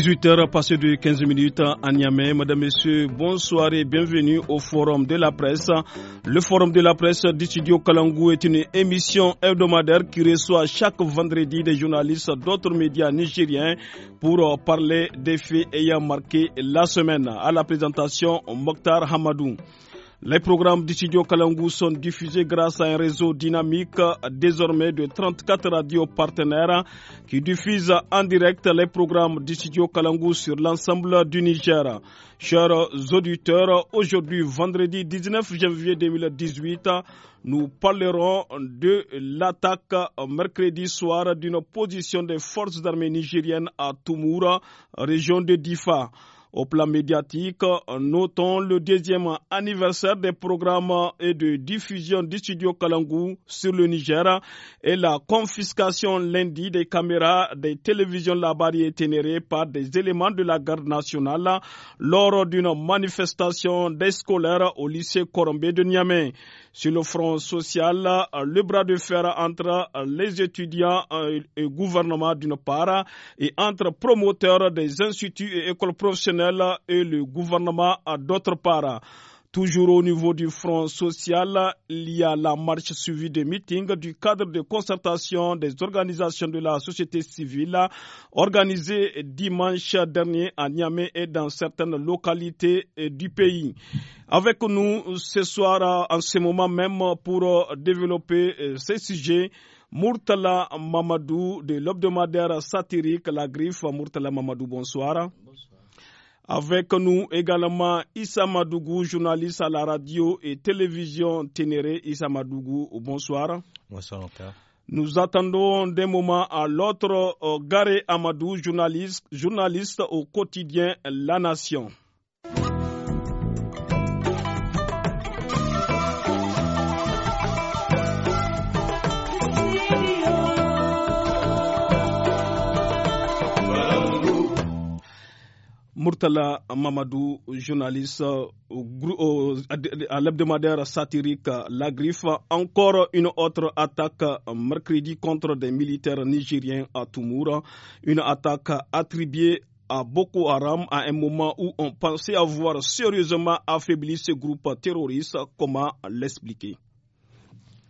18h passé de 15 minutes à Niamey. Mesdames, Messieurs, bonsoir et bienvenue au Forum de la presse. Le Forum de la presse du studio Kalangou est une émission hebdomadaire qui reçoit chaque vendredi des journalistes d'autres médias nigériens pour parler des faits ayant marqué la semaine. À la présentation, Mokhtar Hamadou. Les programmes du studio Kalangou sont diffusés grâce à un réseau dynamique désormais de 34 radios partenaires qui diffusent en direct les programmes du studio Kalangou sur l'ensemble du Niger. Chers auditeurs, aujourd'hui vendredi 19 janvier 2018, nous parlerons de l'attaque mercredi soir d'une position des forces armées nigériennes à Toumoura, région de Difa. Au plan médiatique, notons le deuxième anniversaire des programmes et de diffusion du studio Kalangou sur le Niger et la confiscation lundi des caméras des télévisions là-bas par des éléments de la garde nationale lors d'une manifestation des scolaires au lycée Corombé de Niamey. Sur le front social, le bras de fer entre les étudiants et le gouvernement d'une part et entre promoteurs des instituts et écoles professionnelles et le gouvernement à d'autres part. Toujours au niveau du front social, il y a la marche suivie des meetings du cadre de concertation des organisations de la société civile organisée dimanche dernier à Niamey et dans certaines localités du pays. Avec nous ce soir, en ce moment même, pour développer ces sujets, Murtala Mamadou de l'obdomadaire satirique La Griffe. Murtala Mamadou, bonsoir. Avec nous également Issa Madougou, journaliste à la radio et télévision Ténéré. Issa Madougou, bonsoir. Bonsoir, Nous attendons des moments à l'autre euh, Garé Amadou, journaliste, journaliste au quotidien La Nation. Murtala Mamadou, journaliste à l'hebdomadaire satirique La Griffe, encore une autre attaque mercredi contre des militaires nigériens à Toumoura, une attaque attribuée à Boko Haram à un moment où on pensait avoir sérieusement affaibli ce groupe terroriste. Comment l'expliquer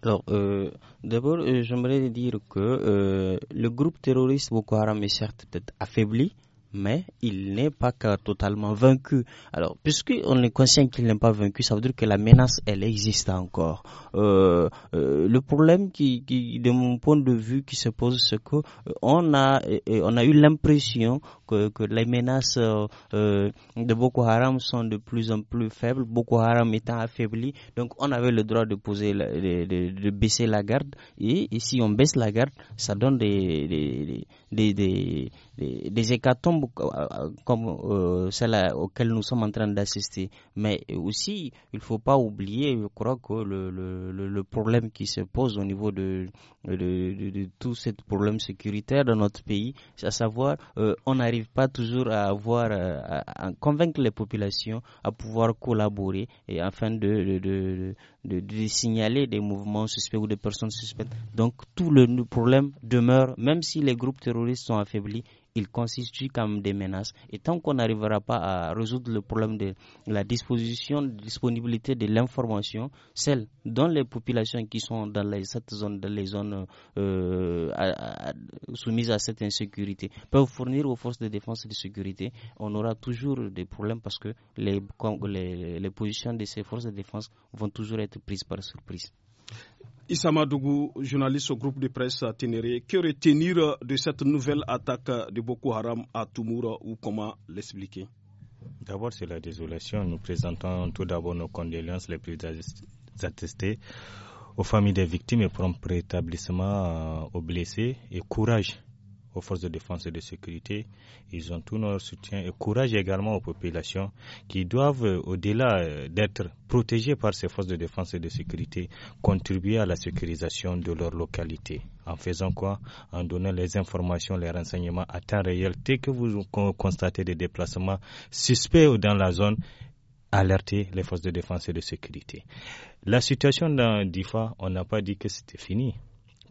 alors, euh, d'abord, euh, j'aimerais dire que euh, le groupe terroriste Boko Haram est certes affaibli, mais il n'est pas totalement vaincu. Alors, puisqu'on est conscient qu'il n'est pas vaincu, ça veut dire que la menace, elle existe encore. Euh, euh, le problème qui, de mon point de vue, qui se pose, c'est que euh, on a, on a eu l'impression que, les menaces de Boko Haram sont de plus en plus faibles, Boko Haram étant affaibli, donc on avait le droit de poser, de, baisser la garde, et, si on baisse la garde, ça donne des, des, des hécatombes euh, comme, euh, celle auquel nous sommes en train d'assister. Mais aussi, il ne faut pas oublier, je crois que le, problème qui se pose au niveau de, de, de, tout ce problème sécuritaire dans notre pays, c'est à savoir, euh, on n'arrive pas toujours à euh, à, convaincre les populations à pouvoir collaborer et afin de, de, de signaler des mouvements suspects ou des personnes suspectes. Donc tout le problème demeure, même si les groupes terroristes sont affaiblis, il constitue comme des menaces. Et tant qu'on n'arrivera pas à résoudre le problème de la disposition, de disponibilité de l'information, celle dont les populations qui sont dans les, zones euh, soumises à cette insécurité peuvent fournir aux forces de défense et de sécurité, on aura toujours des problèmes parce que les positions de ces forces de défense vont toujours être prises par surprise. Dougou, journaliste au groupe de presse à Ténéré, que retenir de cette nouvelle attaque de Boko Haram à Toumoura ou comment l'expliquer D'abord, c'est la désolation. Nous présentons tout d'abord nos condoléances les plus attestées aux familles des victimes et prompt rétablissement euh, aux blessés et courage aux forces de défense et de sécurité. Ils ont tout notre soutien et courage également aux populations qui doivent, euh, au-delà euh, d'être protégées par ces forces de défense et de sécurité, contribuer à la sécurisation de leur localité. En faisant quoi En donnant les informations, les renseignements à temps réel. Dès que vous constatez des déplacements suspects dans la zone, alerter les forces de défense et de sécurité. La situation dans DIFA, on n'a pas dit que c'était fini.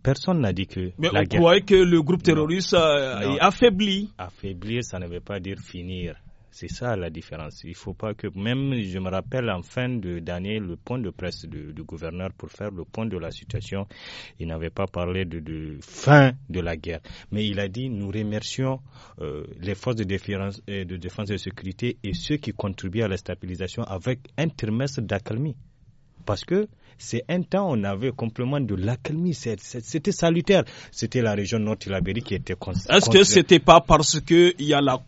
Personne n'a dit que. Mais on croyait que le groupe terroriste a, euh, affaibli. Affaiblir, ça ne veut pas dire finir. C'est ça la différence. Il faut pas que, même je me rappelle en fin dernier le point de presse du, gouverneur pour faire le point de la situation, il n'avait pas parlé de, fin de la guerre, mais il a dit nous remercions euh, les forces de défense, euh, de défense et de sécurité et ceux qui contribuent à la stabilisation avec un trimestre d'accalmie. Parce que c'est un temps, on avait complètement de l'accalmie. C'était salutaire. C'était la région nord Tilabéry qui était concernée. Est-ce que c'était pas parce que il y a la,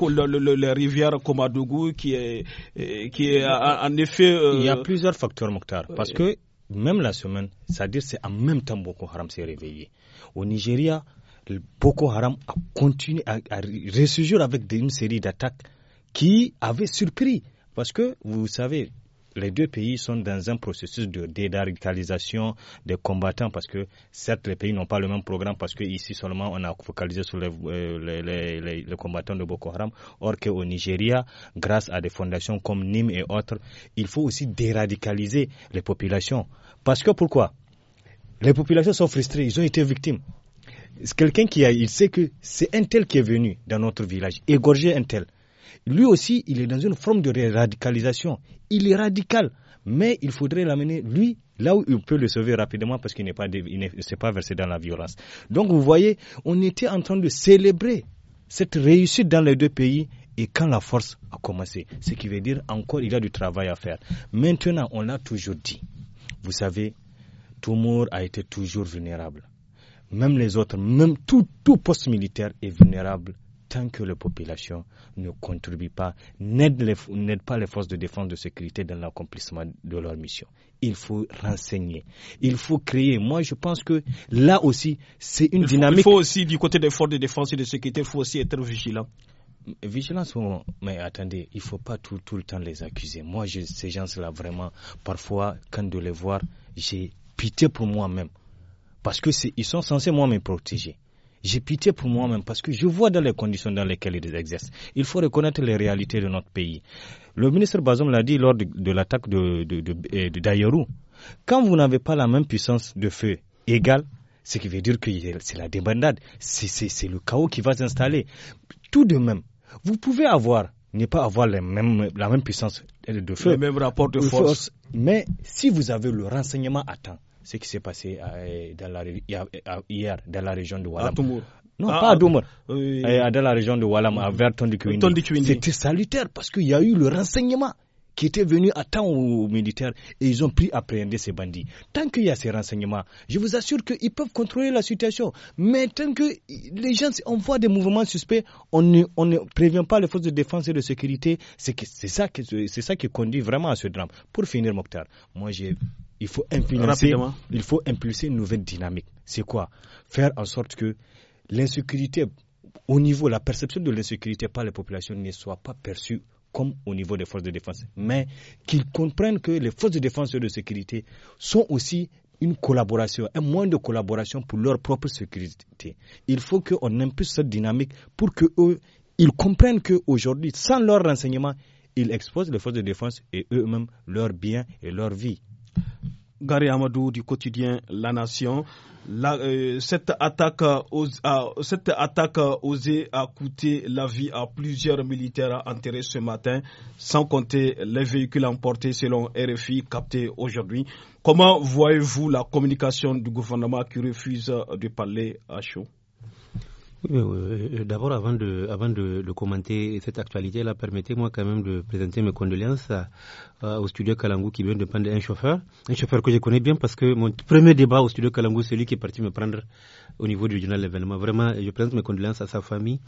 rivière Komadougou qui est, eh, qui est en effet. Euh, il y a plusieurs facteurs, Mokhtar. Euh, parce que même la semaine, c'est-à-dire c'est en même temps Boko Haram s'est réveillé. Au Nigeria, Boko Haram a continué à, à ressurgir avec une série d'attaques qui avaient surpris. Parce que, vous savez, les deux pays sont dans un processus de déradicalisation des combattants parce que certes les pays n'ont pas le même programme parce que seulement on a focalisé sur les, euh, combattants de Boko Haram or qu'au Nigeria grâce à des fondations comme Nîmes et autres il faut aussi déradicaliser les populations parce que pourquoi les populations sont frustrées ils ont été victimes C'est quelqu'un qui a il sait que c'est un tel qui est venu dans notre village égorger un tel lui aussi, il est dans une forme de radicalisation. Il est radical, mais il faudrait l'amener, lui, là où il peut le sauver rapidement parce qu'il n'est pas, il s'est pas versé dans la violence. Donc, vous voyez, on était en train de célébrer cette réussite dans les deux pays et quand la force a commencé. Ce qui veut dire encore, il y a du travail à faire. Maintenant, on l'a toujours dit. Vous savez, Toumour a été toujours vulnérable. Même les autres, même tout, tout poste militaire est vulnérable tant que la population ne contribue pas, n'aide pas les forces de défense de sécurité dans l'accomplissement de leur mission. Il faut renseigner, il faut créer. Moi, je pense que là aussi, c'est une dynamique. Il faut aussi, du côté des forces de défense et de sécurité, il faut aussi être vigilant. Vigilance, mais attendez, il ne faut pas tout, le temps les accuser. Moi, ces gens-là, vraiment, parfois, quand de les voir, j'ai pitié pour moi-même. Parce que ils sont censés, moi, me protéger j'ai pitié pour moi-même parce que je vois dans les conditions dans lesquelles ils exercent. Il faut reconnaître les réalités de notre pays. Le ministre Bazom l'a dit lors de, l'attaque de, de, eh, Daïrou. Quand vous n'avez pas la même puissance de feu égale, ce qui veut dire que c'est la débandade, c'est le chaos qui va s'installer. Tout de même, vous pouvez avoir, ne pas avoir la même puissance de feu, le même rapport de euh, force, mais si vous avez le renseignement à temps, ce qui s'est passé euh, dans la, euh, hier dans la région de Walam. Non, ah, pas à Doumar. Euh, dans la région de Walam, à mm. vers C'était salutaire parce qu'il y a eu le renseignement qui étaient venus à temps aux militaires et ils ont pris appréhender ces bandits. Tant qu'il y a ces renseignements, je vous assure qu'ils peuvent contrôler la situation. Mais tant que les gens, on voit des mouvements suspects, on ne, on ne prévient pas les forces de défense et de sécurité. C'est ça, ça, qui conduit vraiment à ce drame. Pour finir, Mokhtar, moi j'ai il faut impulser, il faut impulser une nouvelle dynamique. C'est quoi Faire en sorte que l'insécurité au niveau, la perception de l'insécurité par les populations ne soit pas perçue comme au niveau des forces de défense, mais qu'ils comprennent que les forces de défense et de sécurité sont aussi une collaboration, un moyen de collaboration pour leur propre sécurité. Il faut qu'on impulse cette dynamique pour que eux, ils comprennent qu'aujourd'hui, sans leur renseignement, ils exposent les forces de défense et eux-mêmes leurs biens et leur vie. Gary Amadou du quotidien La Nation. Euh, cette, attaque cette osée a coûté la vie à plusieurs militaires enterrés ce matin, sans compter les véhicules emportés selon RFI captés aujourd'hui. Comment voyez-vous la communication du gouvernement qui refuse de parler à chaud euh, D'abord, avant de, commenter cette actualité permettez-moi quand même de présenter mes condoléances euh, au studio Kalangu qui vient de prendre un chauffeur, un chauffeur que je connais bien parce que mon premier débat au studio Kalangu, c'est lui qui est parti me prendre au niveau du journal l'événement. Vraiment, je présente mes condoléances à sa famille,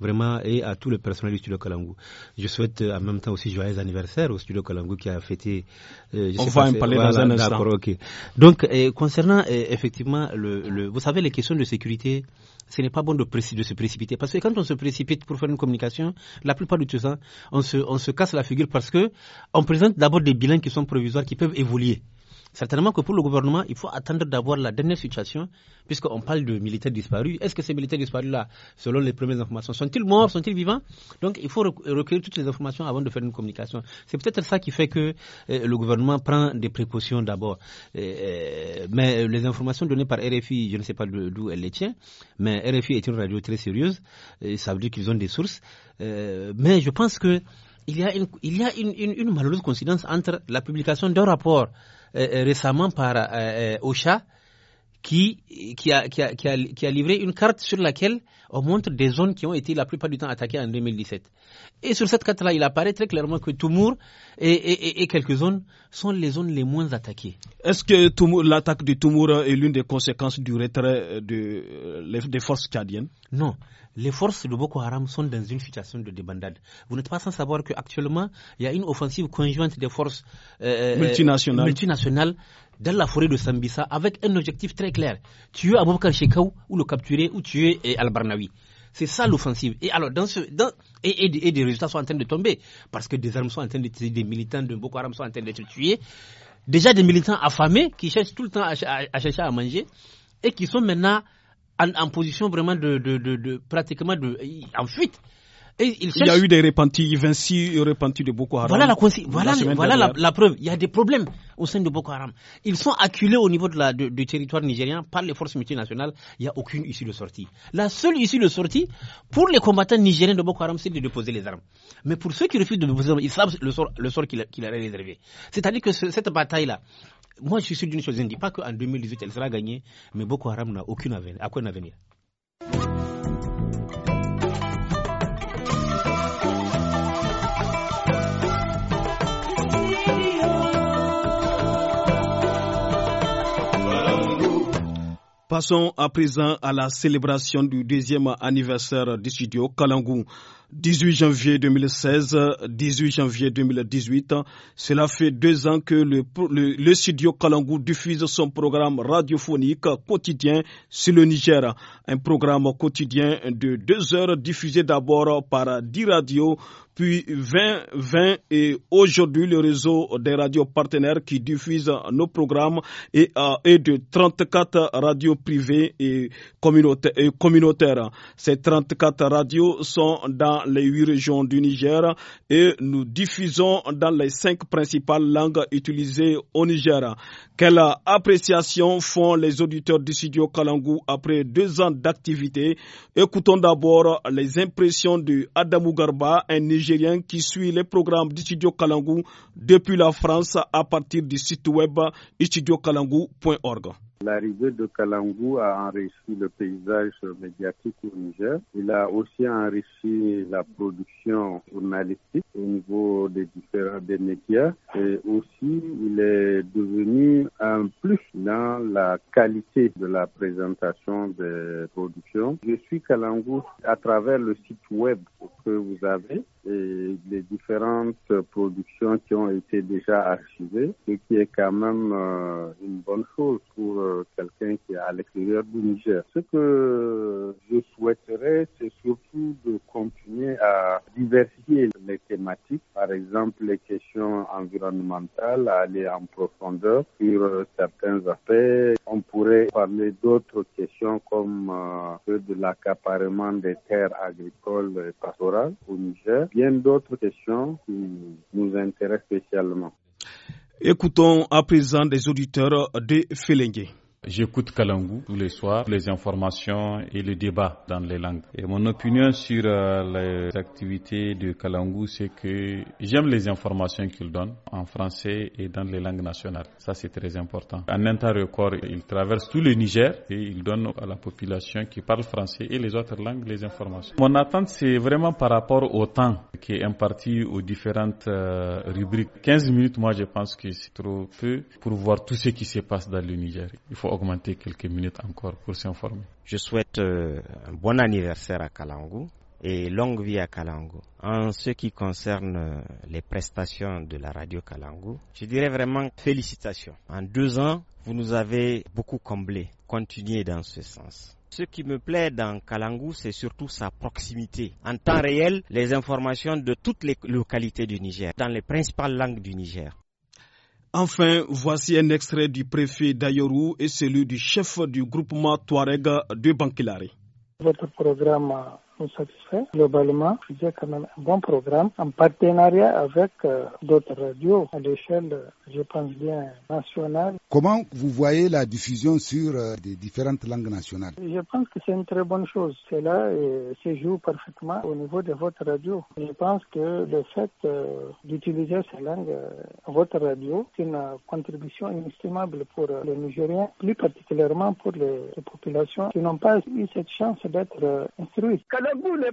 vraiment, et à tout le personnel du studio Kalangu. Je souhaite euh, en même temps aussi joyeux anniversaire au studio Kalangu qui a fêté. Euh, on va en parler dans un instant. Donc, concernant effectivement, le, vous savez, les questions de sécurité ce n'est pas bon de, de, se précipiter. Parce que quand on se précipite pour faire une communication, la plupart du temps, on se, on se casse la figure parce que on présente d'abord des bilans qui sont provisoires, qui peuvent évoluer. Certainement que pour le gouvernement, il faut attendre d'avoir la dernière situation, puisqu'on parle de militaires disparus. Est-ce que ces militaires disparus-là, selon les premières informations, sont-ils morts, sont-ils vivants Donc il faut recueillir toutes les informations avant de faire une communication. C'est peut-être ça qui fait que euh, le gouvernement prend des précautions d'abord. Euh, euh, mais les informations données par RFI, je ne sais pas d'où elles les tiennent, mais RFI est une radio très sérieuse, ça veut dire qu'ils ont des sources. mais je pense que il y a une, il y a une, malheureuse coïncidence entre la publication d'un rapport euh, euh, récemment par euh, OCHA qui, qui, a, qui, a, livré une carte sur laquelle on montre des zones qui ont été la plupart du temps attaquées en 2017. Et sur cette carte-là, il apparaît très clairement que Toumour et, quelques zones sont les zones les moins attaquées. Est-ce que l'attaque de Toumour est l'une des conséquences du retrait des forces tchadiennes Non les forces de Boko Haram sont dans une situation de débandade. Vous n'êtes pas sans savoir qu'actuellement, il y a une offensive conjointe des forces euh, euh, multinationales. dans la forêt de Sambisa avec un objectif très clair. Tuer Abubakar Shekau ou le capturer ou tuer euh, Al-Barnawi. C'est ça l'offensive. Et alors, et, des résultats sont en train de tomber parce que des armes sont en train des militants de Boko Haram sont en train d'être tués. Déjà des militants affamés qui cherchent tout le temps à chercher à manger et qui sont maintenant en, position vraiment de, de pratiquement de, en fuite il, y a eu des repentis, 26 repentis de Boko Haram. Voilà la, preuve. Il y a des problèmes au sein de Boko Haram. Ils sont acculés au niveau du territoire nigérien par les forces multinationales. Il n'y a aucune issue de sortie. La seule issue de sortie pour les combattants nigériens de Boko Haram, c'est de déposer les armes. Mais pour ceux qui refusent de déposer les armes, ils savent le sort, qu'il a réservé. C'est-à-dire que cette bataille-là, moi je suis sûr d'une chose, je ne dis pas qu'en 2018 elle sera gagnée, mais Boko Haram n'a aucune avenir. À quoi avenir Passons à présent à la célébration du deuxième anniversaire du studio Kalangou. 18 janvier 2016, 18 janvier 2018. Cela fait deux ans que le, le, studio Kalangou diffuse son programme radiophonique quotidien sur le Niger. Un programme quotidien de deux heures diffusé d'abord par 10 radios, puis 20, 20 et aujourd'hui le réseau des radios partenaires qui diffusent nos programmes est euh, de 34 radios privées et communautaires. Ces 34 radios sont dans les huit régions du Niger et nous diffusons dans les cinq principales langues utilisées au Niger. Quelle appréciation font les auditeurs du studio Kalangou après deux ans d'activité Écoutons d'abord les impressions de Adamou Garba, un Nigérien qui suit les programmes du studio Kalangou depuis la France à partir du site web studiokalangou.org. L'arrivée de Kalangou a enrichi le paysage médiatique au Niger. Il a aussi enrichi la production journalistique au niveau des différents des médias. Et aussi, il est devenu un plus dans la qualité de la présentation des productions. Je suis Kalangou à travers le site web que vous avez et les différentes productions qui ont été déjà archivées, ce qui est quand même euh, une bonne chose pour euh, quelqu'un qui est à l'extérieur du Niger. Ce que je souhaiterais, c'est surtout de continuer à diversifier les thématiques, par exemple les questions environnementales, aller en profondeur sur euh, certains aspects. On pourrait parler d'autres questions comme euh, de l'accaparement des terres agricoles et pastorales au Niger, bien d'autres questions qui nous intéressent spécialement. Écoutons à présent des auditeurs de Félingué. J'écoute Kalangu tous les soirs, les informations et le débat dans les langues. Et mon opinion sur euh, les activités de Kalangu, c'est que j'aime les informations qu'il donne en français et dans les langues nationales. Ça, c'est très important. En un temps record, il traverse tout le Niger et il donne à la population qui parle français et les autres langues les informations. Mon attente, c'est vraiment par rapport au temps qui est imparti aux différentes euh, rubriques. 15 minutes, moi, je pense que c'est trop peu pour voir tout ce qui se passe dans le Niger. Il faut augmenter quelques minutes encore pour s'informer. Je souhaite euh, un bon anniversaire à Kalangu et longue vie à Kalangu. En ce qui concerne euh, les prestations de la radio Kalangu, je dirais vraiment félicitations. En deux ans, vous nous avez beaucoup comblés. Continuez dans ce sens. Ce qui me plaît dans Kalangu, c'est surtout sa proximité. En temps réel, les informations de toutes les localités du Niger, dans les principales langues du Niger. Enfin, voici un extrait du préfet d'Ayorou et celui du chef du groupement Touareg de Bankilari. programme euh, Globalement, je quand même un bon programme en partenariat avec euh, d'autres radios à l'échelle, je pense bien, nationale. Comment vous voyez la diffusion sur euh, des différentes langues nationales Je pense que c'est une très bonne chose. Cela euh, se joue parfaitement au niveau de votre radio. Je pense que le fait d'utiliser ces langues, votre radio, c'est une contribution inestimable pour les Nigériens, plus particulièrement pour les, populations qui n'ont pas eu cette chance d'être instruites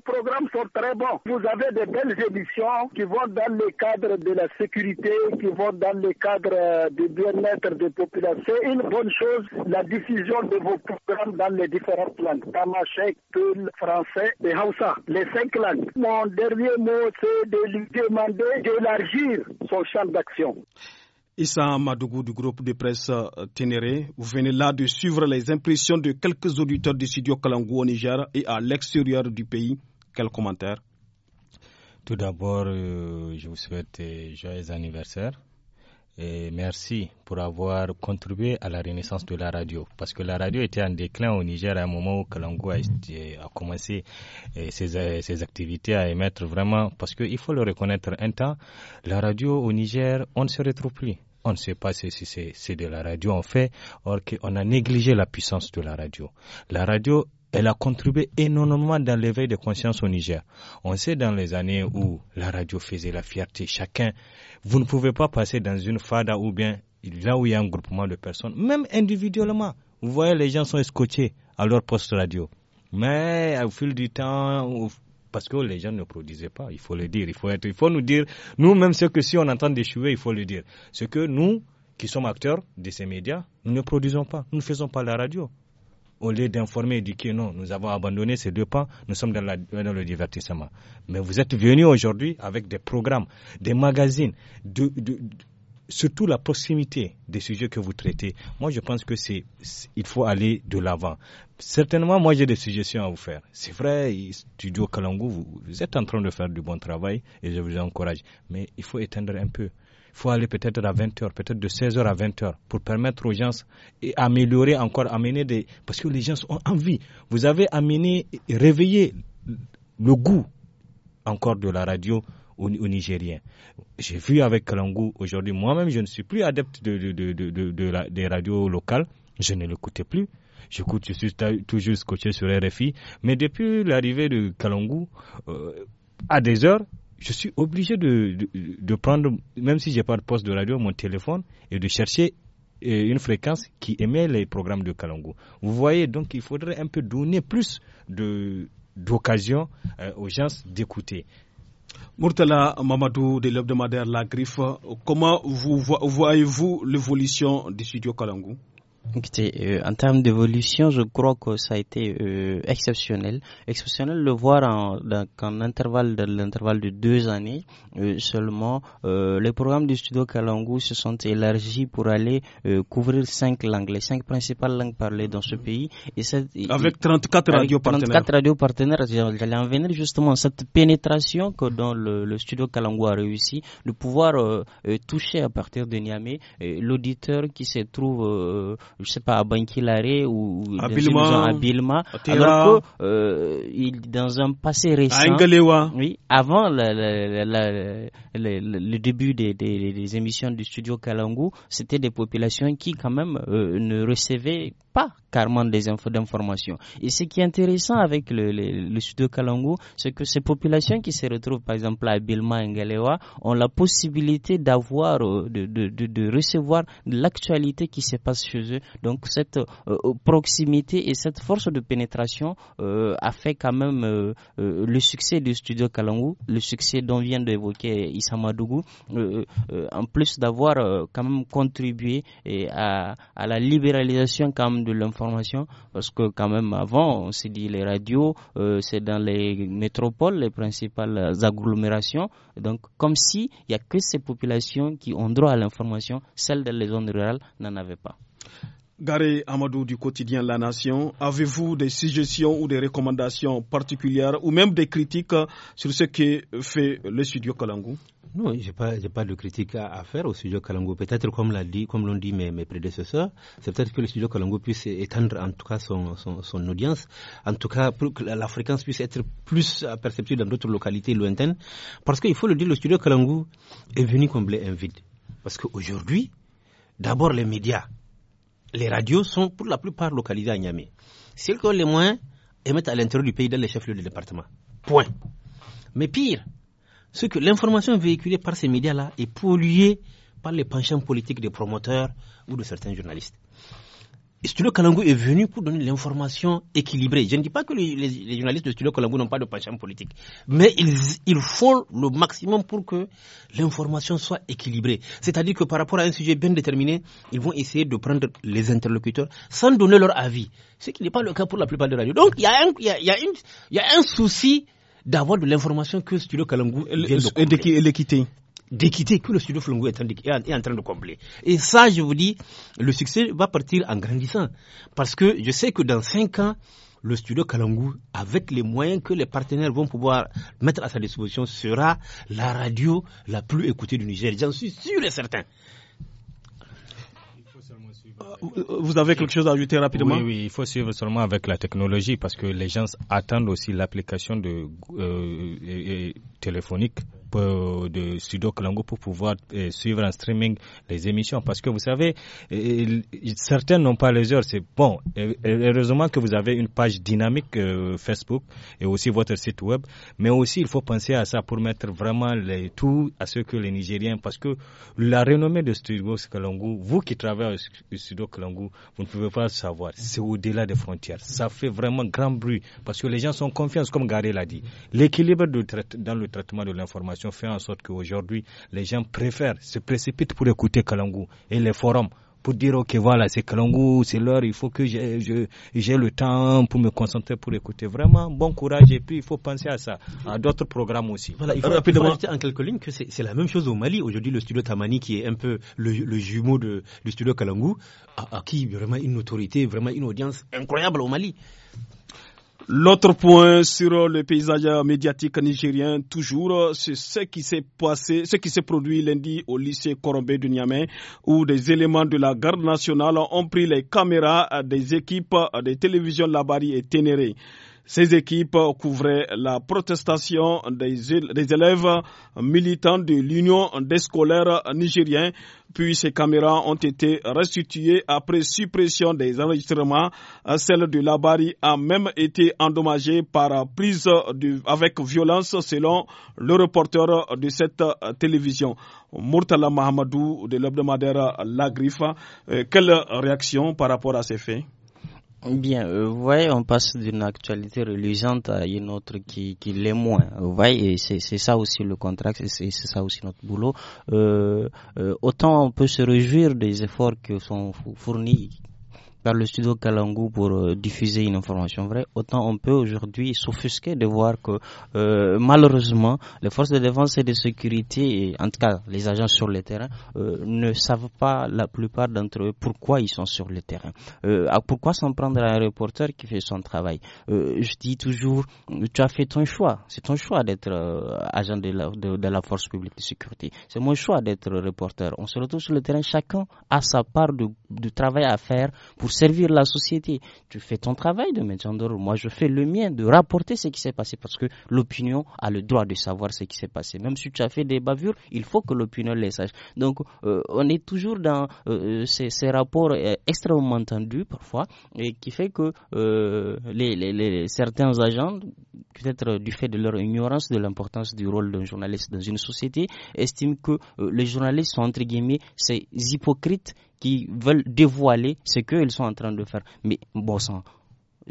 programmes sont très bons. Vous avez de belles émissions qui vont dans le cadre de la sécurité, qui vont dans le cadre euh, du bien-être des populations. C'est une bonne chose, la diffusion de vos programmes dans les différentes langues. Tamashek, Toul, Français et Hausa, les cinq langues. Mon dernier mot, c'est de lui demander d'élargir son champ d'action. Issa Madougou du groupe de presse euh, Ténéré, vous venez là de suivre les impressions de quelques auditeurs du studio Kalangou au Niger et à l'extérieur du pays quel commentaire Tout d'abord, euh, je vous souhaite euh, joyeux anniversaire. Et merci pour avoir contribué à la renaissance de la radio. Parce que la radio était en déclin au Niger à un moment où Kalangou a, commencé euh, ses, activités à émettre vraiment. Parce qu'il faut le reconnaître un temps, la radio au Niger, on ne se retrouve plus. On ne sait pas si c'est de la radio en fait, or qu'on a négligé la puissance de la radio. La radio elle a contribué énormément dans l'éveil de conscience au Niger. On sait dans les années où la radio faisait la fierté, chacun, vous ne pouvez pas passer dans une fada ou bien là où il y a un groupement de personnes, même individuellement. Vous voyez, les gens sont escotés à leur poste radio. Mais au fil du temps, parce que les gens ne produisaient pas, il faut le dire, il faut, être, il faut nous dire, nous même ce que si on entend d'échouer, il faut le dire. Ce que nous, qui sommes acteurs de ces médias, nous ne produisons pas, nous ne faisons pas la radio au lieu d'informer, éduquer, non, nous avons abandonné ces deux pans, nous sommes dans, la, le divertissement. Mais vous êtes venus aujourd'hui avec des programmes, des magazines, de, surtout la proximité des sujets que vous traitez. Moi, je pense que c'est, il faut aller de l'avant. Certainement, moi, j'ai des suggestions à vous faire. C'est vrai, Studio Kalangu, vous, vous, êtes en train de faire du bon travail et je vous encourage. Mais il faut éteindre un peu faut aller peut-être à 20 h peut-être de 16 h à 20 h pour permettre aux gens et améliorer encore, amener des, parce que les gens ont envie. Vous avez amené, réveillé le goût encore de la radio au Nigérien. J'ai vu avec Kalangu aujourd'hui, moi-même, je ne suis plus adepte de, des radios locales. Je ne l'écoutais plus. J'écoute, je suis toujours scotché sur RFI. Mais depuis l'arrivée de Kalangu, euh, à des heures, je suis obligé de, prendre, même si je n'ai pas de poste de radio, mon téléphone et de chercher euh, une fréquence qui émet les programmes de Kalongo. Vous voyez, donc il faudrait un peu donner plus d'occasion euh, aux gens d'écouter. Murtala Mamadou de l'hebdomadaire La Griffe, comment voyez-vous l'évolution du studio Kalangou euh, en termes d'évolution, je crois que ça a été euh, exceptionnel. Exceptionnel le voir en, intervalle de l'intervalle de deux années euh, seulement, les programmes du studio Kalangu se sont élargis pour aller couvrir cinq langues, les cinq principales langues parlées dans ce mhm. pays. Et avec 34 radios partenaires. 34 radios partenaires, j'allais en venir justement cette pénétration que dans le, studio Kalangu a réussi, de pouvoir toucher à partir de Niamey l'auditeur qui se trouve je sais pas, à Bankilare ou à Bilma. alors que euh, dans un passé récent, oui, avant le début des, émissions du studio Kalangu, c'était des populations qui quand même euh, ne recevaient pas carrément des infos d'information. Et ce qui est intéressant avec le, studio Kalangu, c'est que ces populations qui se retrouvent par exemple à Bilma, Ngalewa, ont la possibilité d'avoir, euh, de recevoir l'actualité qui se passe chez eux donc cette euh, euh, proximité et cette force de pénétration euh, a fait quand même le succès du studio Kalangou, le succès dont vient d'évoquer Issa Madougou, en plus d'avoir quand même contribué à, la libéralisation quand même de l'information, parce que quand même avant, on s'est dit les radios, c'est dans les métropoles, les principales agglomérations, donc comme s'il n'y a que ces populations qui ont droit à l'information, celles les zones rurales n'en avaient pas. Garé Amadou du quotidien La Nation, avez-vous des suggestions ou des recommandations particulières ou même des critiques sur ce que fait le studio Kalangu Non, je n'ai pas, pas, de critiques à, faire au studio Kalangu Peut-être, comme l'ont dit, comme dit mes, prédécesseurs, c'est peut-être que le studio Kalangu puisse étendre en tout cas son, son, son audience, en tout cas pour que la fréquence puisse être plus perceptible dans d'autres localités lointaines. Parce qu'il faut le dire, le studio Kalangu est venu combler un vide. Parce qu'aujourd'hui, d'abord les médias les radios sont pour la plupart localisées à Niamey. Celles que les moins émettent à l'intérieur du pays dans les chefs-lieux du département. Point. Mais pire, ce que l'information véhiculée par ces médias-là est polluée par les penchants politiques des promoteurs ou de certains journalistes. Studio Kalangu est venu pour donner l'information équilibrée. Je ne dis pas que les, journalistes de Studio Kalangu n'ont pas de passion politique, mais ils, font le maximum pour que l'information soit équilibrée. C'est-à-dire que par rapport à un sujet bien déterminé, ils vont essayer de prendre les interlocuteurs sans donner leur avis, ce qui n'est pas le cas pour la plupart des radios. Donc il y, a un, souci d'avoir de l'information que Studio Kalangu vient de d'équité que le studio Flungu est, en train de combler. Et ça, je vous dis, le succès va partir en grandissant. Parce que je sais que dans 5 ans, le studio Kalangu, avec les moyens que les partenaires vont pouvoir mettre à sa disposition, sera la radio la plus écoutée du Niger. J'en suis sûr et certain. Euh, vous avez quelque chose à ajouter rapidement oui, oui, il faut suivre seulement avec la technologie parce que les gens attendent aussi l'application de euh, téléphonique de Studio Kalango pour pouvoir euh, suivre en streaming les émissions parce que vous savez certains n'ont pas les heures c'est bon heureusement que vous avez une page dynamique Facebook et aussi votre site web mais aussi il faut penser à ça pour mettre vraiment les, tout à ce que les Nigériens parce que la renommée de Studio Kalango vous qui travaillez studio Kalangu, vous ne pouvez pas le savoir. C'est au-delà des frontières. Ça fait vraiment grand bruit parce que les gens sont confiants, comme Gary l'a dit. L'équilibre dans le traitement de l'information fait en sorte qu'aujourd'hui, les gens préfèrent, se précipitent pour écouter Kalangu et les forums pour dire ok voilà c'est Kalangu, c'est l'heure, il faut que j'ai le temps pour me concentrer pour écouter. Vraiment, bon courage et puis il faut penser à ça, à d'autres programmes aussi. Voilà, il faut, rapidement en quelques lignes que c'est la même chose au Mali. Aujourd'hui, le studio Tamani qui est un peu le, jumeau de, du studio Kalangu a acquis vraiment une autorité, vraiment une audience incroyable au Mali. L'autre point sur le paysage médiatique nigérien, toujours, c'est ce qui s'est passé, ce qui s'est produit lundi au lycée Corombé du Niamey, où des éléments de la garde nationale ont pris les caméras des équipes des télévisions Labari et Ténéré. Ces équipes couvraient la protestation des, élèves militants de l'Union des scolaires nigériens, puis ces caméras ont été restituées après suppression des enregistrements. Celle de Labari a même été endommagée par prise avec violence selon le reporter de cette télévision. Murtala Mahamadou de l'hebdomadaire La Griffe. Euh, quelle réaction par rapport à ces faits Bien, vous euh, on passe d'une actualité reluisante à une autre qui, qui l'est moins. Vous euh, Et c'est ça aussi le contrat, c'est ça aussi notre boulot. Euh, autant on peut se réjouir des efforts qui sont fournis le studio Kalangu pour euh, diffuser une information vraie, autant on peut aujourd'hui s'offusquer de voir que euh, malheureusement les forces de défense et de sécurité, en tout cas les agents sur le terrain, euh, ne savent pas la plupart d'entre eux pourquoi ils sont sur le terrain. pourquoi s'en prendre à un reporter qui fait son travail Je dis toujours, tu as fait ton choix, c'est ton choix d'être agent de la, de, la force publique de sécurité, c'est mon choix d'être reporter. On se retrouve sur le terrain, chacun a sa part de, de travail à faire pour servir la société. Tu fais ton travail de médecin rôle. moi je fais le mien de rapporter ce qui s'est passé parce que l'opinion a le droit de savoir ce qui s'est passé. Même si tu as fait des bavures, il faut que l'opinion les sache. Donc euh, on est toujours dans euh, euh, ces, rapports extrêmement tendus parfois et qui fait que certains agents, peut-être du fait de leur ignorance de l'importance du rôle d'un journaliste dans une société, estiment que les journalistes sont entre guillemets ces hypocrites qui veulent dévoiler ce qu'ils sont en train de faire. Mais bon sang,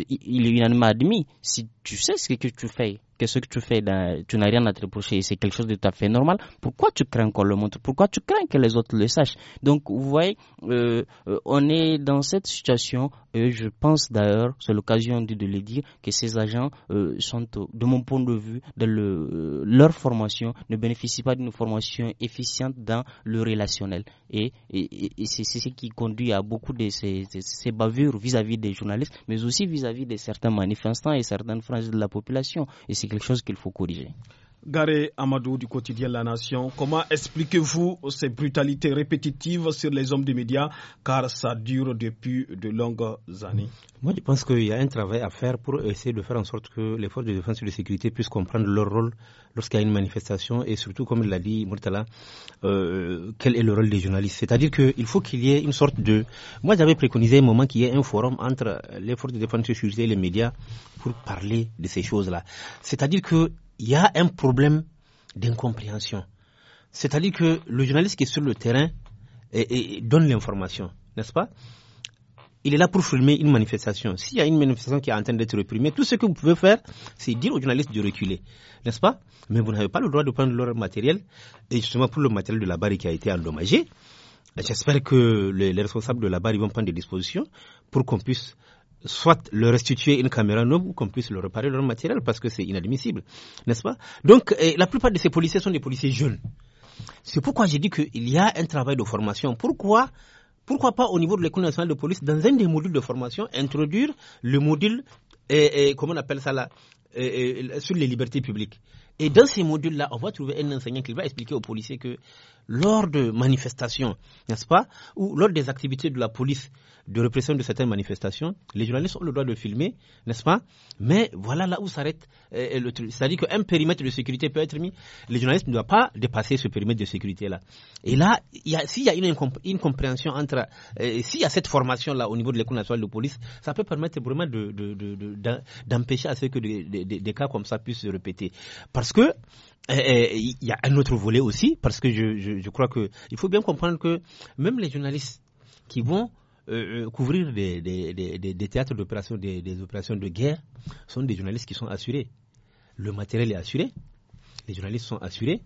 il est unanimement admis, si tu sais ce que tu fais, que ce que tu fais, tu n'as rien à te reprocher, c'est quelque chose de tout à fait normal. Pourquoi tu crains qu'on le montre Pourquoi tu crains que les autres le sachent Donc, vous voyez, euh, euh, on est dans cette situation, et je pense d'ailleurs, c'est l'occasion de, le dire, que ces agents euh, sont, de mon point de vue, de leur formation ne bénéficie pas d'une formation efficiente dans le relationnel. Et, c'est ce qui conduit à beaucoup de ces, bavures vis-à-vis des journalistes, mais aussi vis-à-vis de certains manifestants et certaines franges de la population. Et quelque chose qu'il faut corriger. Garé Amadou du quotidien La Nation, comment expliquez-vous ces brutalités répétitives sur les hommes des médias car ça dure depuis de longues années Moi je pense qu'il y a un travail à faire pour essayer de faire en sorte que les forces de défense et de sécurité puissent comprendre leur rôle lorsqu'il y a une manifestation et surtout comme l'a dit Murtala, euh, quel est le rôle des journalistes C'est-à-dire qu'il faut qu'il y ait une sorte de... Moi j'avais préconisé un moment qu'il y ait un forum entre les forces de défense et de sécurité et les médias pour parler de ces choses-là. C'est-à-dire que il y a un problème d'incompréhension. C'est-à-dire que le journaliste qui est sur le terrain et, donne l'information, n'est-ce pas Il est là pour filmer une manifestation. S'il y a une manifestation qui est en train d'être réprimée, tout ce que vous pouvez faire, c'est dire au journaliste de reculer, n'est-ce pas Mais vous n'avez pas le droit de prendre leur matériel, et justement pour le matériel de la barre qui a été endommagé. J'espère que les, responsables de la barre vont prendre des dispositions pour qu'on puisse soit leur restituer une caméra noble ou qu'on puisse leur réparer leur matériel parce que c'est inadmissible, n'est-ce pas Donc, eh, la plupart de ces policiers sont des policiers jeunes. C'est pourquoi j'ai dit qu'il y a un travail de formation. Pourquoi pourquoi pas au niveau de l'École nationale de police, dans un des modules de formation, introduire le module, eh, eh, comment on appelle ça là, sur les libertés publiques. Et dans ces modules-là, on va trouver un enseignant qui va expliquer aux policiers que lors de manifestations, n'est-ce pas, ou lors des activités de la police de répression de certaines manifestations, les journalistes ont le droit de filmer, n'est-ce pas Mais voilà là où s'arrête euh, euh, le truc. C'est-à-dire qu'un périmètre de sécurité peut être mis. Les journalistes ne doivent pas dépasser ce périmètre de sécurité-là. Et là, s'il y a une, incompréhension entre... Euh, s'il y a cette formation-là au niveau de l'École nationale de police, ça peut permettre vraiment d'empêcher de, à ce que des cas comme ça puissent se répéter. Parce que il y a un autre volet aussi, parce que je, je, je crois qu'il faut bien comprendre que même les journalistes qui vont euh, euh, couvrir des, théâtres d'opérations des, opérations de guerre, sont des journalistes qui sont assurés. Le matériel est assuré, les journalistes sont assurés,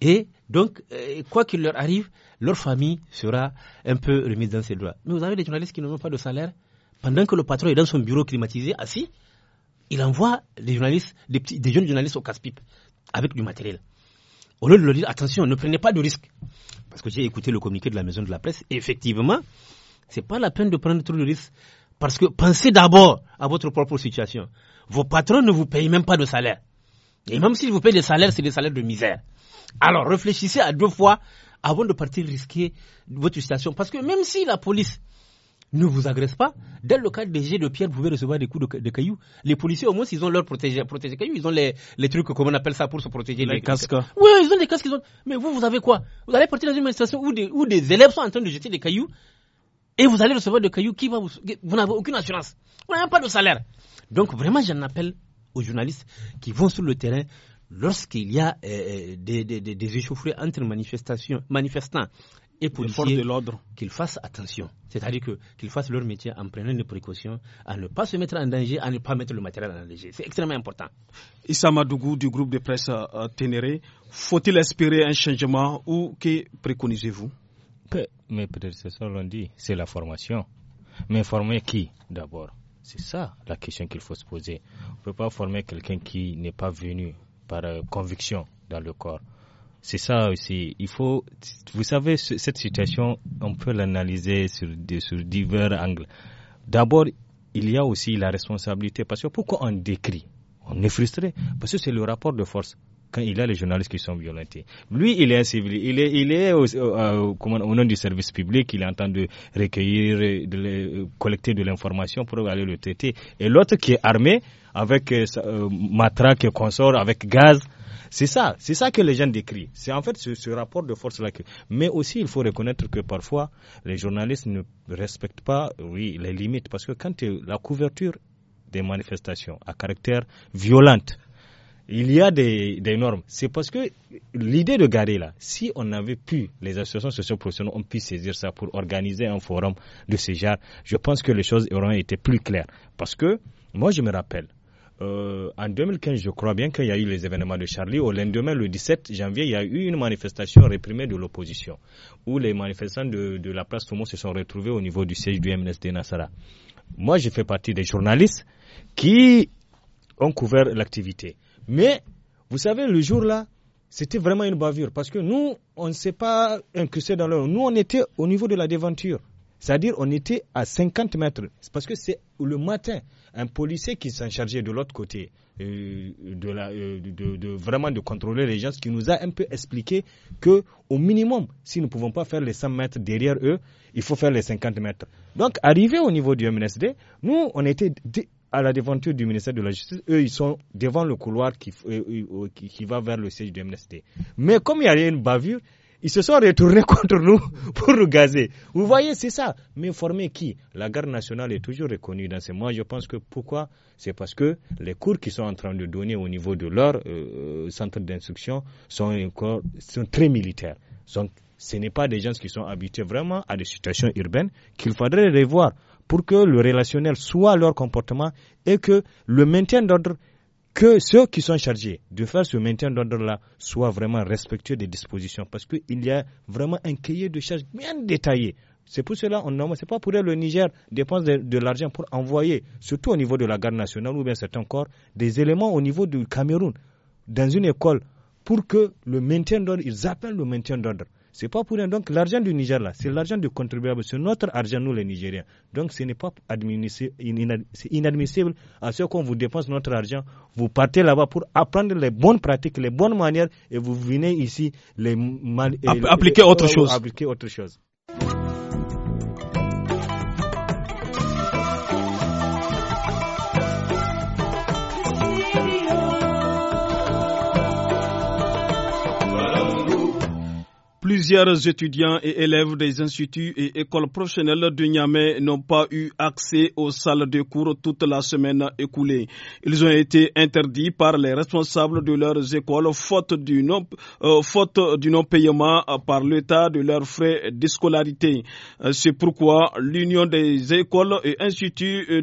et donc, euh, quoi qu'il leur arrive, leur famille sera un peu remise dans ses droits. Mais vous avez des journalistes qui n'ont pas de salaire, pendant que le patron est dans son bureau climatisé, assis, il envoie des journalistes, des jeunes journalistes au casse-pipe avec du matériel. Au lieu de leur dire, attention, ne prenez pas de risques. Parce que j'ai écouté le communiqué de la maison de la presse, et effectivement, c'est pas la peine de prendre trop de risques. Parce que pensez d'abord à votre propre situation. Vos patrons ne vous payent même pas de salaire. Et même s'ils vous payent des salaires, c'est des salaires de misère. Alors réfléchissez à deux fois avant de partir risquer votre situation. Parce que même si la police ne vous agresse pas. Dans le cas des jets de pierre, vous pouvez recevoir des coups de, cailloux. Les policiers, au moins, ils ont leur protégé, cailloux. Ils ont les, trucs, comment on appelle ça, pour se protéger. Les, casques. Oui, ils ont des casques. Mais vous, vous avez quoi Vous allez partir dans une manifestation où des, élèves sont en train de jeter des cailloux et vous allez recevoir des cailloux qui vont vous. Vous n'avez aucune assurance. Vous n'avez pas de salaire. Donc, vraiment, j'en appelle aux journalistes qui vont sur le terrain lorsqu'il y a euh, euh, des, des, des, entre manifestations, manifestants et pour l'ordre qu'ils fassent attention. C'est-à-dire qu'ils fassent leur métier en prenant des précautions, à ne pas se mettre en danger, à ne pas mettre le matériel en danger. C'est extrêmement important. Issa Madougou du groupe de presse euh, Ténéré, faut-il espérer un changement ou que préconisez-vous Mes prédécesseurs l'ont dit, c'est la formation. Mais former qui d'abord C'est ça la question qu'il faut se poser. On ne peut pas former quelqu'un qui n'est pas venu par euh, conviction dans le corps. C'est ça aussi. Il faut, vous savez, cette situation, on peut l'analyser sur, divers angles. D'abord, il y a aussi la responsabilité. Parce que pourquoi on décrit On est frustré. Parce que c'est le rapport de force quand il y a les journalistes qui sont violentés. Lui, il est un civil, il est, euh, au, nom du service public, il est en train de recueillir, de collecter de l'information pour aller le traiter. Et l'autre qui est armé avec euh, euh, matraque et consort, avec gaz, c'est ça, c'est ça que les gens décrivent. C'est en fait ce, rapport de force-là. Mais aussi, il faut reconnaître que parfois, les journalistes ne respectent pas, oui, les limites. Parce que quand la couverture des manifestations à caractère violente, il y a des, normes. C'est parce que l'idée de garder là, si on avait pu, les associations professionnelles, ont puisse saisir ça pour organiser un forum de ce genre, je pense que les choses auraient été plus claires. Parce que, moi je me rappelle, euh, en 2015, je crois bien qu'il y a eu les événements de Charlie. Au lendemain, le 17 janvier, il y a eu une manifestation réprimée de l'opposition, où les manifestants de, la place Toumou se sont retrouvés au niveau du siège du MNSD Nassara. Moi, j'ai fait partie des journalistes qui ont couvert l'activité. Mais, vous savez, le jour-là, c'était vraiment une bavure, parce que nous, on ne s'est pas incrusté dans l'heure. Nous, on était au niveau de la déventure. C'est-à-dire, on était à 50 mètres. parce que c'est le matin un policier qui s'en chargeait de l'autre côté, euh, euh, de, vraiment de contrôler les gens, qui nous a un peu expliqué que au minimum, si nous ne pouvons pas faire les 100 mètres derrière eux, il faut faire les 50 mètres. Donc, arrivé au niveau du MNSD, nous, on était à la devanture du ministère de la Justice, eux, ils sont devant le couloir qui, euh, qui, va vers le siège du MNSD. Mais comme il y a une bavure, ils se sont retournés contre nous pour nous gazer. Vous voyez, c'est ça. Mais former qui La garde nationale est toujours reconnue dans ces mois. Je pense que pourquoi C'est parce que les cours qui sont en train de donner au niveau de leur euh, euh, centre d'instruction sont sont très militaires. Donc, ce n'est pas des gens qui sont habitués vraiment à des situations urbaines qu'il faudrait revoir pour que le relationnel soit leur comportement et que le maintien d'ordre que ceux qui sont chargés de faire ce maintien d'ordre-là soient vraiment respectueux des dispositions parce qu'il y a vraiment un cahier de charges bien détaillé. C'est pour cela on ne c'est pas pour le Niger dépense de, l'argent pour envoyer, surtout au niveau de la garde nationale ou bien certains corps, des éléments au niveau du Cameroun dans une école pour que le maintien d'ordre, ils appellent le maintien d'ordre. C'est pas pour rien. Donc l'argent du Niger là, c'est l'argent du contribuable, c'est notre argent nous les Nigériens. Donc ce n'est pas inadmissible à ce qu'on vous dépense notre argent. Vous partez là-bas pour apprendre les bonnes pratiques, les bonnes manières et vous venez ici les appliquer, autre appliquer autre chose. Plusieurs étudiants et élèves des instituts et écoles professionnelles de Niamey n'ont pas eu accès aux salles de cours toute la semaine écoulée. Ils ont été interdits par les responsables de leurs écoles faute du non, euh, faute du paiement par l'État de leurs frais de scolarité. Euh, c'est pourquoi l'Union des écoles et instituts euh,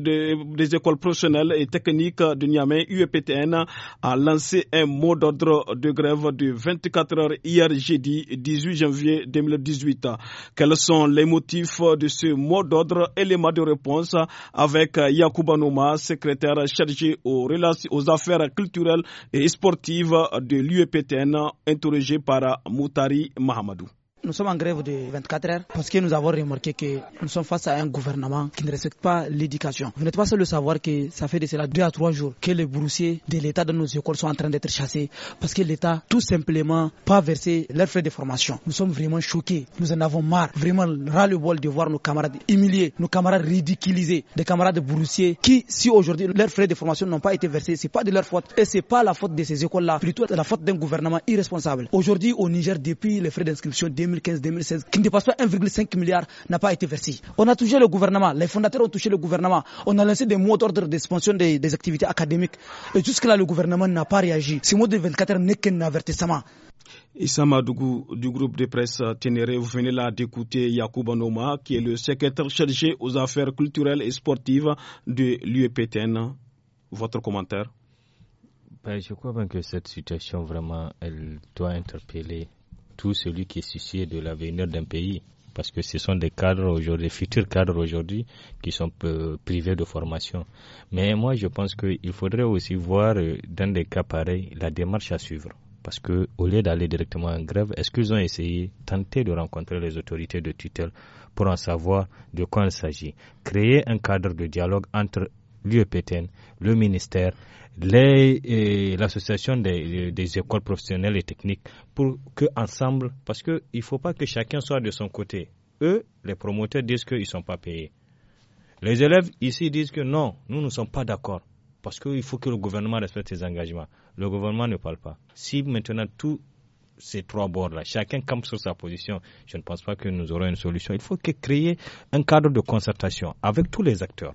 des écoles professionnelles et techniques de Niamey, UEPTN, a lancé un mot d'ordre de grève de 24 heures hier jeudi 18 janvier 2018. Quels sont les motifs de ce mot d'ordre et les mots de réponse avec Yacouba Nouma, secrétaire chargé aux, aux affaires culturelles et sportives de l'UEPTN, interrogé par Moutari Mahamadou. Nous sommes en grève de 24 heures parce que nous avons remarqué que nous sommes face à un gouvernement qui ne respecte pas l'éducation. Vous n'êtes pas seul de savoir que ça fait de cela deux à trois jours que les boursiers de l'État dans nos écoles sont en train d'être chassés parce que l'État tout simplement pas versé leurs frais de formation. Nous sommes vraiment choqués. Nous en avons marre. Vraiment ras-le-bol de voir nos camarades humiliés, nos camarades ridiculisés, des camarades boursiers qui, si aujourd'hui leurs frais de formation n'ont pas été versés, c'est pas de leur faute et c'est pas la faute de ces écoles-là, plutôt la faute d'un gouvernement irresponsable. Aujourd'hui au Niger, depuis les frais d'inscription 2015-2016 qui ne dépasse pas 1,5 milliard n'a pas été versé. On a touché le gouvernement, les fondateurs ont touché le gouvernement. On a lancé des mots d'ordre d'expansion des, des activités académiques. Et jusque-là, le gouvernement n'a pas réagi. Ce mot de 24 heures n'est qu'un avertissement. Issa Madougou du groupe de presse Ténéré, vous venez là d'écouter Yacouba Noma, qui est le secrétaire chargé aux affaires culturelles et sportives de l'UEPTN. Votre commentaire ben, Je crois que cette situation, vraiment, elle doit interpeller tout celui qui est soucié de l'avenir d'un pays. Parce que ce sont des cadres aujourd'hui, futurs cadres aujourd'hui, qui sont euh, privés de formation. Mais moi, je pense qu'il faudrait aussi voir, euh, dans des cas pareils, la démarche à suivre. Parce que, au lieu d'aller directement en grève, est-ce qu'ils ont essayé, tenté de rencontrer les autorités de tutelle pour en savoir de quoi il s'agit? Créer un cadre de dialogue entre l'UEPTN, le ministère, eh, l'association des, écoles professionnelles et techniques pour que ensemble, parce qu'il ne faut pas que chacun soit de son côté. Eux, les promoteurs disent qu'ils ne sont pas payés. Les élèves ici disent que non, nous ne sommes pas d'accord parce qu'il faut que le gouvernement respecte ses engagements. Le gouvernement ne parle pas. Si maintenant tous ces trois bords-là, chacun campe sur sa position, je ne pense pas que nous aurons une solution. Il faut que créer un cadre de concertation avec tous les acteurs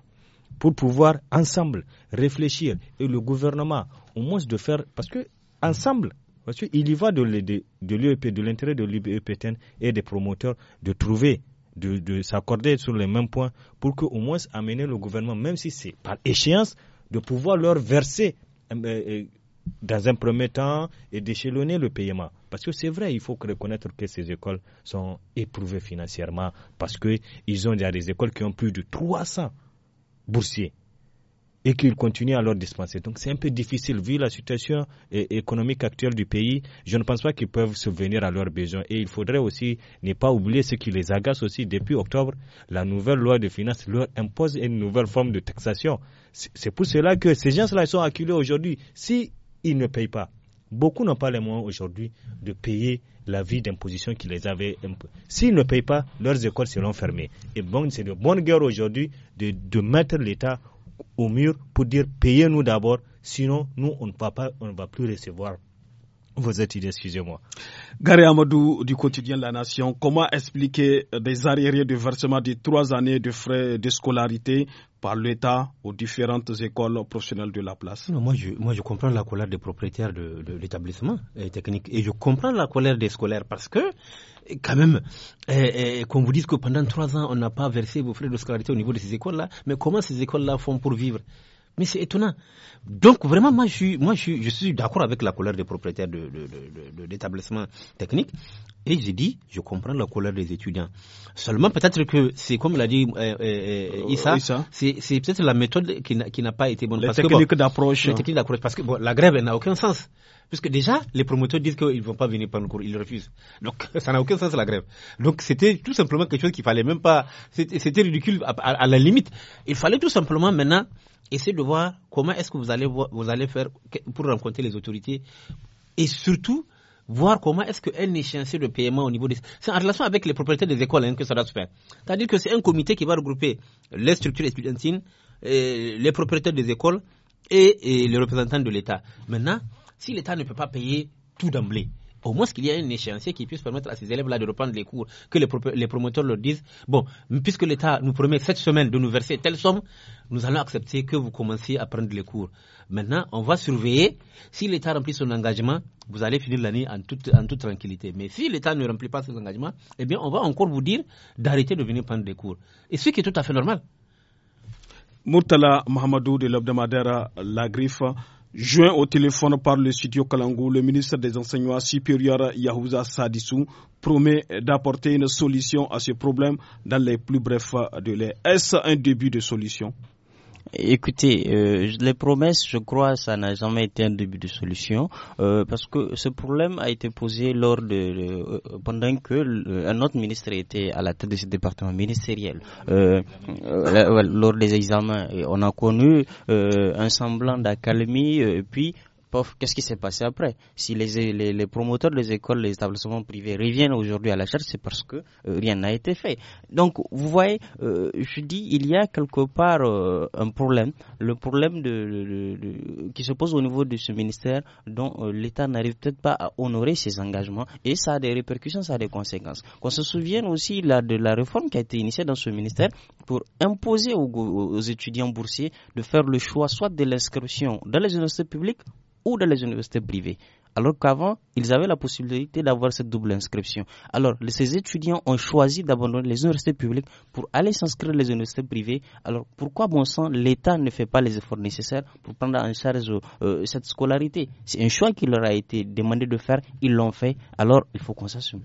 pour pouvoir ensemble réfléchir et le gouvernement au moins de faire parce que ensemble parce qu'il y va de l'UEP, de l'intérêt de l'UEPTN et des promoteurs de trouver, de, s'accorder sur les mêmes points pour que au moins amener le gouvernement, même si c'est par échéance, de pouvoir leur verser euh, euh, euh, dans un premier temps et d'échelonner le paiement. Parce que c'est vrai, il faut reconnaître que ces écoles sont éprouvées financièrement parce ils ont déjà des écoles qui ont plus de 300 boursiers et qu'ils continuent à leur dispenser. Donc c'est un peu difficile vu la situation économique actuelle du pays. Je ne pense pas qu'ils peuvent venir à leurs besoins. Et il faudrait aussi ne pas oublier ce qui les agace aussi depuis octobre. La nouvelle loi de finances leur impose une nouvelle forme de taxation. C'est pour cela que ces gens-là sont acculés aujourd'hui. S'ils ne payent pas, Beaucoup n'ont pas les moyens aujourd'hui de payer la vie d'imposition qui les avait. S'ils ne payent pas, leurs écoles seront fermées. Et bon, c'est de bonne guerre aujourd'hui de, mettre l'État au mur pour dire payez-nous d'abord, sinon nous on ne va pas, on ne va plus recevoir vos études, excusez-moi. Gary Amadou du quotidien de La Nation, comment expliquer des arriérés de versement de trois années de frais de scolarité par l'État aux différentes écoles professionnelles de la place. moi, je, moi, je comprends la colère des propriétaires de, l'établissement euh, technique et je comprends la colère des scolaires parce que, quand même, euh, euh, qu'on vous dise que pendant trois ans, on n'a pas versé vos frais de scolarité au niveau de ces écoles-là, mais comment ces écoles-là font pour vivre mais c'est étonnant. Donc vraiment, moi je suis, moi je suis, je suis d'accord avec la colère des propriétaires de, de, de, de, techniques. Et j'ai dit, je comprends la colère des étudiants. Seulement peut-être que c'est comme l'a dit euh, euh, euh Issa, euh, c'est, peut-être la méthode qui n'a, pas été bonne. Les parce bon, d'approche. Les d'approche, parce que bon, la grève elle n'a aucun sens. Puisque déjà, les promoteurs disent qu'ils ne vont pas venir prendre cours, ils refusent. Donc, ça n'a aucun sens la grève. Donc, c'était tout simplement quelque chose qu'il fallait même pas. C'était ridicule à, la limite. Il fallait tout simplement maintenant essayez de voir comment est-ce que vous allez, faire pour rencontrer les autorités et surtout voir comment est-ce qu'un échéancier de paiement au niveau des... C'est en relation avec les propriétaires des écoles hein, que ça doit se faire. C'est-à-dire que c'est un comité qui va regrouper les structures étudiantines, euh, les propriétaires des écoles et, et les représentants de l'État. Maintenant, si l'État ne peut pas payer tout d'emblée, au moins qu'il y ait un échéancier qui puisse permettre à ces élèves-là de reprendre les cours, que les, promoteurs leur disent, bon, puisque l'État nous promet cette semaine de nous verser telle somme, nous allons accepter que vous commenciez à prendre les cours. Maintenant, on va surveiller. Si l'État remplit son engagement, vous allez finir l'année en toute, tranquillité. Mais si l'État ne remplit pas ses engagements, eh bien, on va encore vous dire d'arrêter de venir prendre des cours. Et ce qui est tout à fait normal. Murtala Mohamedou de l'Obdomadaire La Griffe, Joint au téléphone par le studio Kalangou, le ministre des Enseignements supérieurs Yahouza Sadissou promet d'apporter une solution à ce problème dans les plus brefs délais. Est-ce un début de solution Écoutez, euh, les promesses, je crois, ça n'a jamais été un début de solution euh, parce que ce problème a été posé lors de, euh, pendant que euh, un autre ministre était à la tête de ce département ministériel. lors des examens, on a connu un semblant d'accalmie, puis qu'est-ce qui s'est passé après Si les, promoteurs des écoles, les établissements privés reviennent aujourd'hui à la charge, c'est parce que euh, rien n'a été fait. Donc, vous voyez, euh, je dis, il y a quelque part euh, un problème, le problème qui se pose au niveau de ce ministère dont l'État n'arrive peut-être pas à honorer ses engagements et ça a des répercussions, ça a des conséquences. Qu'on se souvienne aussi de la réforme qui a été initiée dans ce ministère pour imposer aux étudiants boursiers de faire le choix soit de l'inscription dans les universités publiques ou dans les universités privées. Alors qu'avant, ils avaient la possibilité d'avoir cette double inscription. Alors, ces étudiants ont choisi d'abandonner les universités publiques pour aller s'inscrire dans les universités privées. Alors, pourquoi, bon sang, l'État ne fait pas les efforts nécessaires pour prendre en charge euh, cette scolarité C'est un choix qui leur a été demandé de faire. Ils l'ont fait. Alors, il faut qu'on s'assume.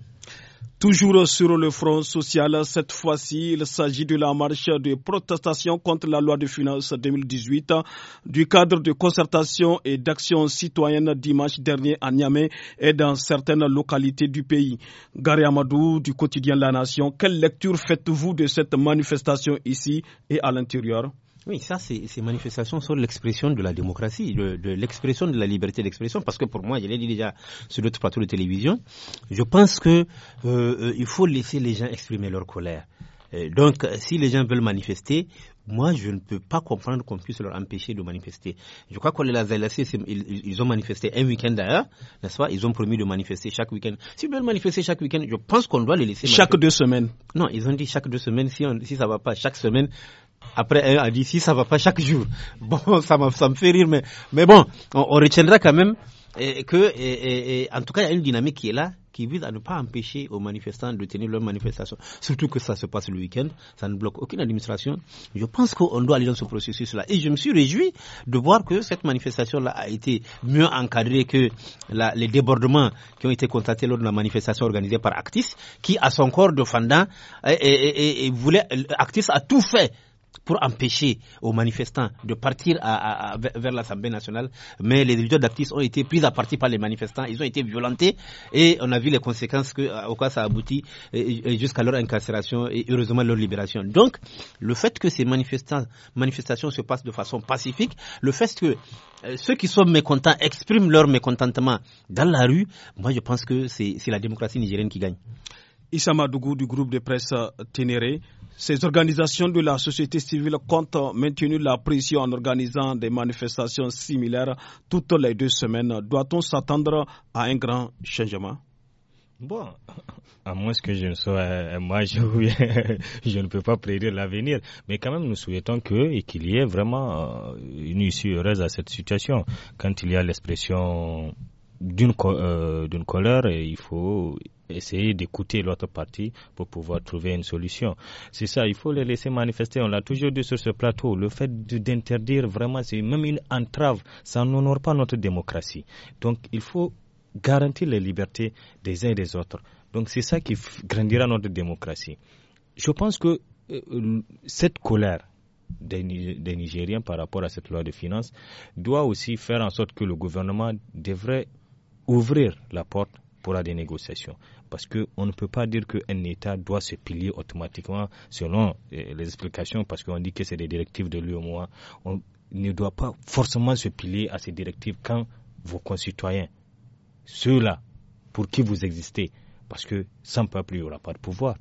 Toujours sur le front social, cette fois-ci, il s'agit de la marche de protestation contre la loi de finances 2018 du cadre de concertation et d'action citoyenne dimanche dernier à Niamey et dans certaines localités du pays. Gary Amadou du quotidien La Nation, quelle lecture faites-vous de cette manifestation ici et à l'intérieur? Oui, ça, ces manifestations sont l'expression de la démocratie, de, de l'expression de la liberté d'expression, parce que pour moi, je l'ai dit déjà sur d'autres plateaux de télévision, je pense que euh, euh il faut laisser les gens exprimer leur colère. Euh, donc, si les gens veulent manifester, moi, je ne peux pas comprendre qu'on puisse leur empêcher de manifester. Je crois qu'on les a ils, ils, ont manifesté un week-end d'ailleurs, n'est-ce pas Ils ont promis de manifester chaque week-end. S'ils veulent manifester chaque week-end, je pense qu'on doit les laisser. Chaque deux semaines Non, ils ont dit chaque deux semaines, si, si ça va pas, chaque semaine, après, un a dit si ça va pas chaque jour. Bon, ça, me fait rire, mais, mais bon, on, retiendra quand même que, en tout cas, il y a une dynamique qui est là, qui vise à ne pas empêcher aux manifestants de tenir leur manifestation. Surtout que ça se passe le week-end, ça ne bloque aucune administration. Je pense qu'on doit aller dans ce processus-là. Et je me suis réjoui de voir que cette manifestation-là a été mieux encadrée que les débordements qui ont été constatés lors de la manifestation organisée par Actis, qui, à son corps de fendant, et, voulait, Actis a tout fait pour empêcher aux manifestants de partir vers l'Assemblée nationale, mais les dirigeants d'actifs ont été pris à partie par les manifestants, ils ont été violentés et on a vu les conséquences que, au a ça aboutit jusqu'à leur incarcération et heureusement leur libération. Donc, le fait que ces manifestations se passent de façon pacifique, le fait que euh, ceux qui sont mécontents expriment leur mécontentement dans la rue, moi je pense que c'est la démocratie nigérienne qui gagne. Issa Madougou du groupe de presse Ténéré. Ces organisations de la société civile comptent maintenir la pression en organisant des manifestations similaires toutes les deux semaines. Doit-on s'attendre à un grand changement Bon, à moins que je ne sois un majeur, je ne peux pas prédire l'avenir, mais quand même nous souhaitons que qu'il y ait vraiment euh, une issue heureuse à cette situation. Quand il y a l'expression euh, d'une colère et il faut essayer d'écouter l'autre partie pour pouvoir trouver une solution. C'est ça, il faut les laisser manifester. On l'a toujours dit sur ce plateau. Le fait d'interdire vraiment, c'est même une entrave. Ça n'honore pas notre démocratie. Donc, il faut garantir les libertés des uns et des autres. Donc, c'est ça qui grandira notre démocratie. Je pense que euh, cette colère des Nigériens par rapport à cette loi de finances doit aussi faire en sorte que le gouvernement devrait ouvrir la porte pour la négociations. Parce qu'on ne peut pas dire qu'un État doit se pilier automatiquement selon eh, les explications, parce qu'on dit que c'est des directives de l'UMOA. On ne doit pas forcément se pilier à ces directives quand vos concitoyens, ceux-là pour qui vous existez, parce que sans peuple, il n'y aura pas de pouvoir.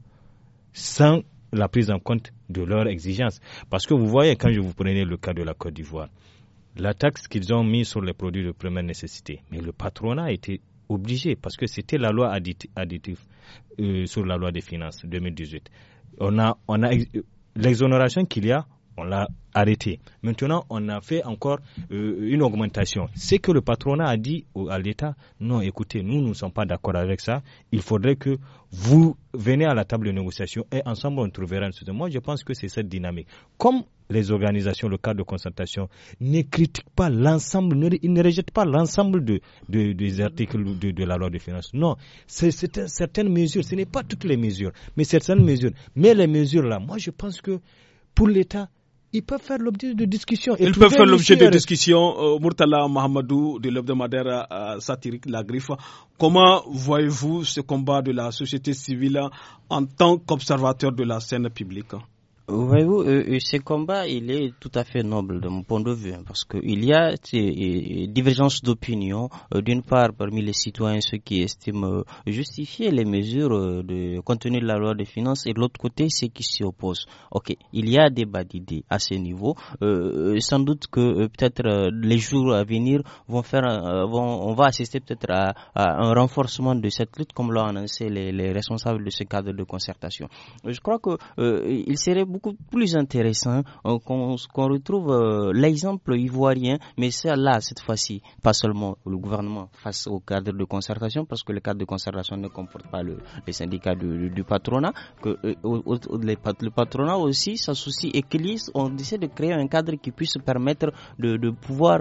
Sans la prise en compte de leurs exigences. Parce que vous voyez, quand je vous prenais le cas de la Côte d'Ivoire, la taxe qu'ils ont mise sur les produits de première nécessité. Mais le patronat a été obligé parce que c'était la loi additive euh, sur la loi des finances 2018. On a, on a euh, l'exonération qu'il y a, on l'a arrêté. Maintenant, on a fait encore euh, une augmentation. C'est que le patronat a dit à l'État, non, écoutez, nous, ne sommes pas d'accord avec ça. Il faudrait que vous venez à la table de négociation et ensemble, on trouvera un solution. Moi, je pense que c'est cette dynamique. Comme les organisations, le cadre de concertation, ne critiquent pas l'ensemble, ils ne rejette pas l'ensemble des articles de, de, la loi de finances. Non, c'est certaines mesures, ce n'est pas toutes les mesures, mais certaines mesures. Mais les mesures-là, moi, je pense que pour l'État, ils peuvent faire l'objet de discussions. Ils peuvent faire l'objet de discussions. Euh, Murtala Mahamadou de euh, satirique La Griffe. Comment voyez-vous ce combat de la société civile en tant qu'observateur de la scène publique vous euh, euh, ce combat, il est tout à fait noble de mon point de vue, hein, parce parce qu'il y a des euh, euh, divergences d'opinion, d'une part parmi les citoyens, ceux qui estiment justifier les mesures de contenu de la loi des finances, et de l'autre côté, ceux qui s'y opposent. Ok, il y a débat d'idées à ce niveau. sans doute que peut-être les jours à venir vont faire, vont, on va assister peut-être à, un renforcement de cette lutte, comme l'ont annoncé les, responsables de ce cadre de concertation. Je crois que il serait beaucoup plus intéressant euh, qu'on retrouve euh, l'exemple ivoirien, mais c'est là, cette fois-ci, pas seulement le gouvernement face au cadre de concertation, parce que le cadre de concertation ne comporte pas le, les syndicats du, patronat, que euh, les, le patronat aussi s'associe et qu'ils on essaie de créer un cadre qui puisse permettre de, pouvoir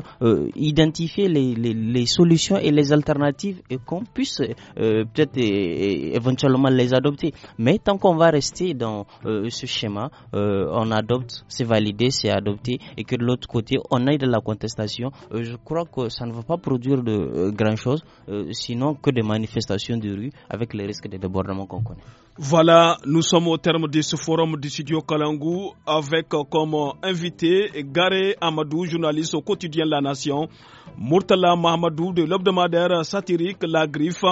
identifier les, solutions et les alternatives et qu'on puisse peut-être éventuellement les adopter. Mais tant qu'on va rester dans ce schéma, euh, on adopte, c'est validé, c'est adopté, et que de l'autre côté, on aille de la contestation. Euh, je crois que ça ne va pas produire de euh, grand-chose, sinon que des manifestations de rue avec les risques de débordement qu'on connaît. Voilà, nous sommes au terme de ce forum du studio Kalangou avec comme invité Garé Amadou, journaliste au quotidien La Nation, Murtala Mahamadou de l'obdomadaire satirique La Griffe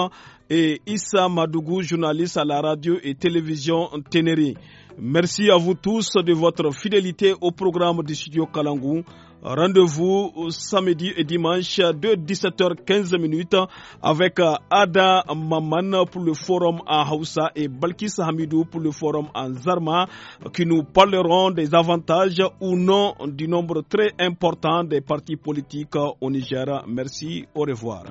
et Issa Madougou, journaliste à la radio et télévision Ténéré. Merci à vous tous de votre fidélité au programme du studio Kalangou. Rendez-vous samedi et dimanche de 17h15 avec euh, Ada Maman pour le forum en Hausa et Balkis Hamidou pour le forum en Zarma qui nous parleront des avantages ou non du nombre très important des partis politiques au Niger. Merci, au revoir.